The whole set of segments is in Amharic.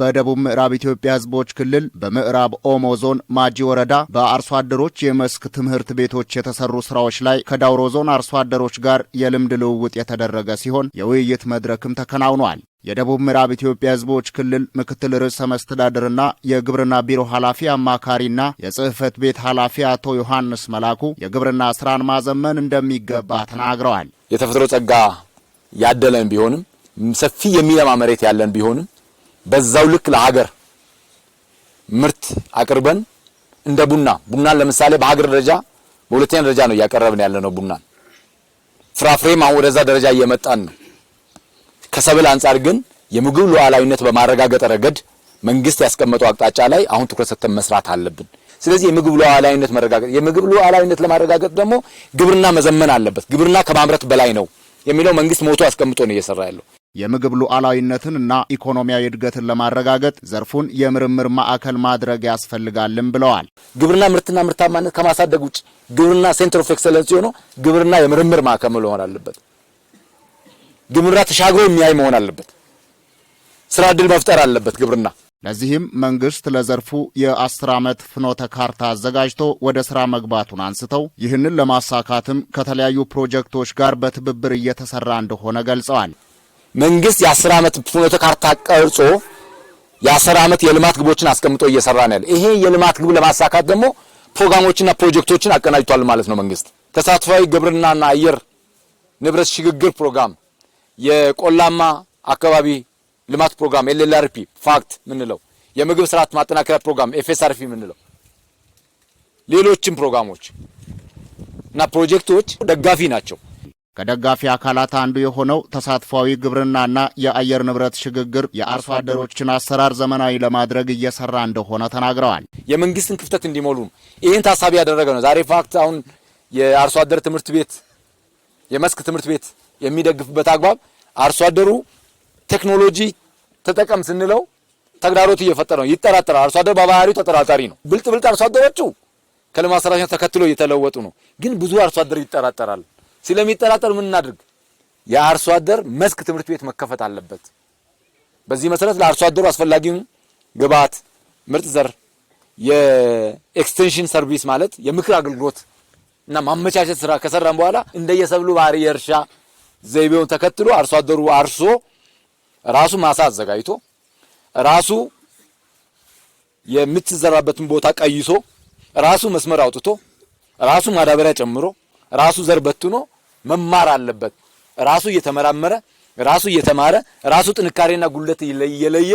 በደቡብ ምዕራብ ኢትዮጵያ ህዝቦች ክልል በምዕራብ ኦሞ ዞን ማጂ ወረዳ በአርሶ አደሮች የመስክ ትምህርት ቤቶች የተሰሩ ስራዎች ላይ ከዳውሮ ዞን አርሶ አደሮች ጋር የልምድ ልውውጥ የተደረገ ሲሆን የውይይት መድረክም ተከናውኗል። የደቡብ ምዕራብ ኢትዮጵያ ህዝቦች ክልል ምክትል ርዕሰ መስተዳድርና የግብርና ቢሮ ኃላፊ አማካሪና የጽህፈት ቤት ኃላፊ አቶ ዮሐንስ መላኩ የግብርና ስራን ማዘመን እንደሚገባ ተናግረዋል። የተፈጥሮ ጸጋ ያደለን ቢሆንም ሰፊ የሚለማ መሬት ያለን ቢሆንም በዛው ልክ ለሀገር ምርት አቅርበን እንደ ቡና ቡናን ለምሳሌ በሀገር ደረጃ በሁለተኛ ደረጃ ነው እያቀረብን ያለ ነው። ቡናን ፍራፍሬም አሁን ወደዛ ደረጃ እየመጣን ነው። ከሰብል አንጻር ግን የምግብ ሉዓላዊነት በማረጋገጥ ረገድ መንግስት ያስቀመጠው አቅጣጫ ላይ አሁን ትኩረት ሰጥተን መስራት አለብን። ስለዚህ የምግብ ሉዓላዊነት መረጋገጥ የምግብ ሉዓላዊነት ለማረጋገጥ ደግሞ ግብርና መዘመን አለበት። ግብርና ከማምረት በላይ ነው የሚለው መንግስት ሞቶ አስቀምጦ ነው እየሰራ ያለው። የምግብ ሉዓላዊነትንና ኢኮኖሚያዊ እድገትን ለማረጋገጥ ዘርፉን የምርምር ማዕከል ማድረግ ያስፈልጋልም ብለዋል። ግብርና ምርትና ምርታማነት ከማሳደግ ውጭ ግብርና ሴንትር ኦፍ ኤክሰለንስ የሆነው ግብርና የምርምር ማዕከል መሆን አለበት። ግብርና ተሻግሮ የሚያይ መሆን አለበት። ስራ እድል መፍጠር አለበት ግብርና። ለዚህም መንግስት ለዘርፉ የአስር ዓመት ፍኖተ ካርታ አዘጋጅቶ ወደ ሥራ መግባቱን አንስተው ይህንን ለማሳካትም ከተለያዩ ፕሮጀክቶች ጋር በትብብር እየተሰራ እንደሆነ ገልጸዋል። መንግስት የአስር ዓመት ፍኖተ ካርታ ቀርጾ የአስር ዓመት የልማት ግቦችን አስቀምጦ እየሰራ ነው ያለ። ይሄ የልማት ግብ ለማሳካት ደግሞ ፕሮግራሞችና ፕሮጀክቶችን አቀናጅቷል ማለት ነው። መንግስት ተሳትፋዊ ግብርናና አየር ንብረት ሽግግር ፕሮግራም፣ የቆላማ አካባቢ ልማት ፕሮግራም ኤልኤልአርፒ ፋክት ምንለው፣ የምግብ ስርዓት ማጠናከሪያ ፕሮግራም ኤፍኤስአርፒ ምንለው፣ ሌሎችም ፕሮግራሞች እና ፕሮጀክቶች ደጋፊ ናቸው። ከደጋፊ አካላት አንዱ የሆነው ተሳትፏዊ ግብርናና የአየር ንብረት ሽግግር የአርሶ አደሮችን አሰራር ዘመናዊ ለማድረግ እየሰራ እንደሆነ ተናግረዋል። የመንግስትን ክፍተት እንዲሞሉ ነው። ይህን ታሳቢ ያደረገ ነው። ዛሬ ፋክት አሁን የአርሶ አደር ትምህርት ቤት የመስክ ትምህርት ቤት የሚደግፍበት አግባብ አርሶ አደሩ ቴክኖሎጂ ተጠቀም ስንለው ተግዳሮት እየፈጠረ ነው። ይጠራጠራል። አርሶ አደር በባህሪው ተጠራጣሪ ነው። ብልጥ ብልጥ አርሶ አደሮቹ ከልማት ሰራተኛ ተከትሎ እየተለወጡ ነው። ግን ብዙ አርሶ አደር ይጠራጠራል። ስለሚጠራጠር ምን እናድርግ? የአርሶ አደር መስክ ትምህርት ቤት መከፈት አለበት። በዚህ መሰረት ለአርሶ አደሩ አስፈላጊውን ግብዓት፣ ምርጥ ዘር፣ የኤክስቴንሽን ሰርቪስ ማለት የምክር አገልግሎት እና ማመቻቸት ስራ ከሰራን በኋላ እንደየሰብሉ ባህሪ የእርሻ ዘይቤውን ተከትሎ አርሶ አደሩ አርሶ ራሱ ማሳ አዘጋጅቶ ራሱ የምትዘራበትን ቦታ ቀይሶ ራሱ መስመር አውጥቶ ራሱ ማዳበሪያ ጨምሮ ራሱ ዘር በትኖ መማር አለበት። ራሱ እየተመራመረ ራሱ እየተማረ ራሱ ጥንካሬና ጉልበት እየለየ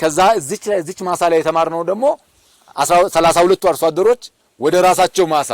ከዛ እዚች ላይ እዚች ማሳ ላይ የተማርነው ደግሞ ሰላሳ ሁለቱ አርሶ አደሮች ወደ ራሳቸው ማሳ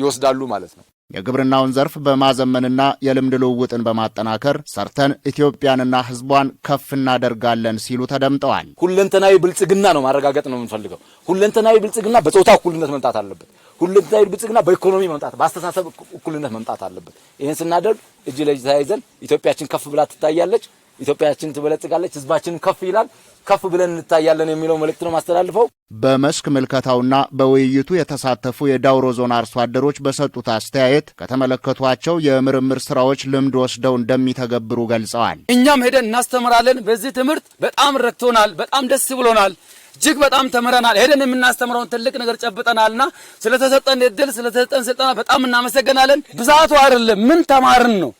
ይወስዳሉ ማለት ነው። የግብርናውን ዘርፍ በማዘመንና የልምድ ልውውጥን በማጠናከር ሰርተን ኢትዮጵያንና ሕዝቧን ከፍ እናደርጋለን ሲሉ ተደምጠዋል። ሁለንተናዊ ብልጽግና ነው ማረጋገጥ ነው የምንፈልገው። ሁለንተናዊ ብልጽግና በጾታ እኩልነት መምጣት አለበት። ሁለንተናዊ ብልጽግና በኢኮኖሚ መምጣት፣ በአስተሳሰብ እኩልነት መምጣት አለበት። ይህን ስናደርግ እጅ ለእጅ ተያይዘን ኢትዮጵያችን ከፍ ብላ ትታያለች፣ ኢትዮጵያችን ትበለጽጋለች፣ ህዝባችንን ከፍ ይላል፣ ከፍ ብለን እንታያለን የሚለው መልእክት ነው ማስተላልፈው። በመስክ ምልከታውና በውይይቱ የተሳተፉ የዳውሮ ዞን አርሶ አደሮች በሰጡት አስተያየት ከተመለከቷቸው የምርምር ስራዎች ልምድ ወስደው እንደሚተገብሩ ገልጸዋል። እኛም ሄደን እናስተምራለን። በዚህ ትምህርት በጣም ረክቶናል፣ በጣም ደስ ብሎናል። እጅግ በጣም ተምረናል። ሄደን የምናስተምረውን ትልቅ ነገር ጨብጠናልና ስለተሰጠን እድል ስለተሰጠን ስልጠና በጣም እናመሰግናለን። ብዛቱ አይደለም ምን ተማርን ነው።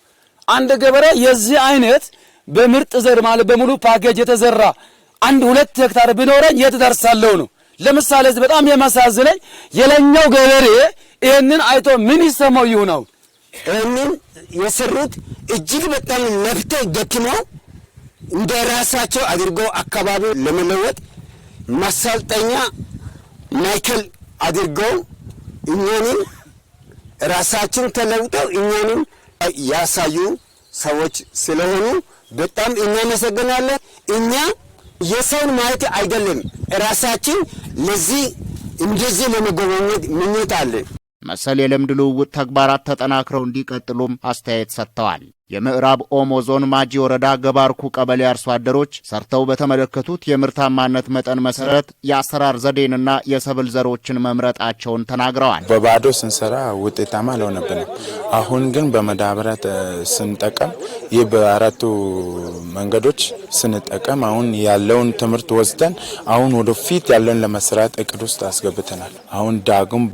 አንድ ገበሬ የዚህ አይነት በምርጥ ዘር ማለት በሙሉ ፓኬጅ የተዘራ አንድ ሁለት ሄክታር ቢኖረኝ የት ደርሳለሁ ነው። ለምሳሌ እዚህ በጣም የሚያሳዝነኝ የለኛው ገበሬ ይህንን አይቶ ምን ይሰማው ይሆናው? ይህንን የሰሩት እጅግ በጣም ነፍተው ደክመው እንደ ራሳቸው አድርጎ አካባቢ ለመለወጥ ማሰልጠኛ ማዕከል አድርገው እኛንም ራሳችን ተለውጠው እኛንም ያሳዩ ሰዎች ስለሆኑ በጣም እናመሰግናለን። እኛ የሰውን ማየት አይደለም ራሳችን ለዚህ እንደዚህ ለመጎበኘት ምኞት አለ መሰል የልምድ ልውውጥ ተግባራት ተጠናክረው እንዲቀጥሉም አስተያየት ሰጥተዋል። የምዕራብ ኦሞ ዞን ማጂ ወረዳ ገባርኩ ቀበሌ አርሶ አደሮች ሰርተው በተመለከቱት የምርታማነት መጠን መሰረት የአሰራር ዘዴንና የሰብል ዘሮችን መምረጣቸውን ተናግረዋል። በባዶ ስንሰራ ውጤታማ አልሆነብንም። አሁን ግን በመዳበሪያ ስንጠቀም ይህ በአራቱ መንገዶች ስንጠቀም አሁን ያለውን ትምህርት ወስደን አሁን ወደፊት ያለውን ለመስራት እቅድ ውስጥ አስገብተናል። አሁን ዳግም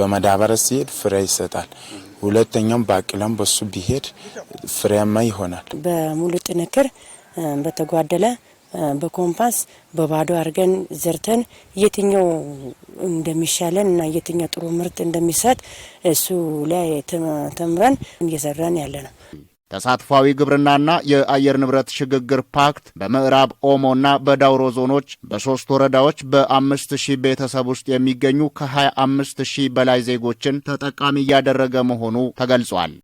በመዳበሪያ ሲሄድ ፍሬ ይሰጣል። ሁለተኛውም ባቄላም በሱ ቢሄድ ፍሬያማ ይሆናል። በሙሉ ጥንክር በተጓደለ በኮምፓስ በባዶ አድርገን ዘርተን የትኛው እንደሚሻለን እና የትኛው ጥሩ ምርት እንደሚሰጥ እሱ ላይ ተምረን እየሰራን ያለ ነው። ተሳትፏዊ ግብርናና የአየር ንብረት ሽግግር ፓክት በምዕራብ ኦሞና በዳውሮ ዞኖች በሶስት ወረዳዎች በአምስት ሺህ ቤተሰብ ውስጥ የሚገኙ ከ25 ሺህ በላይ ዜጎችን ተጠቃሚ እያደረገ መሆኑ ተገልጿል።